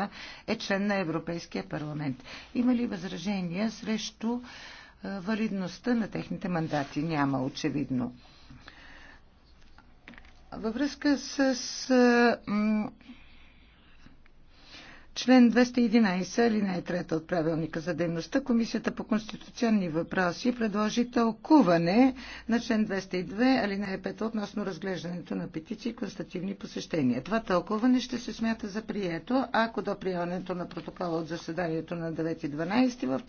Европа е член на Европейския парламент. Има ли възражения срещу валидността на техните мандати? Няма, очевидно. Във връзка с Член 211, алинея 3 от правилника за дейността, Комисията по конституционни въпроси предложи тълкуване на член 202, алинея 5 относно разглеждането на петиции и констативни посещения. Това тълкуване ще се смята за прието, ако до приемането на протокола от заседанието на 9.12 в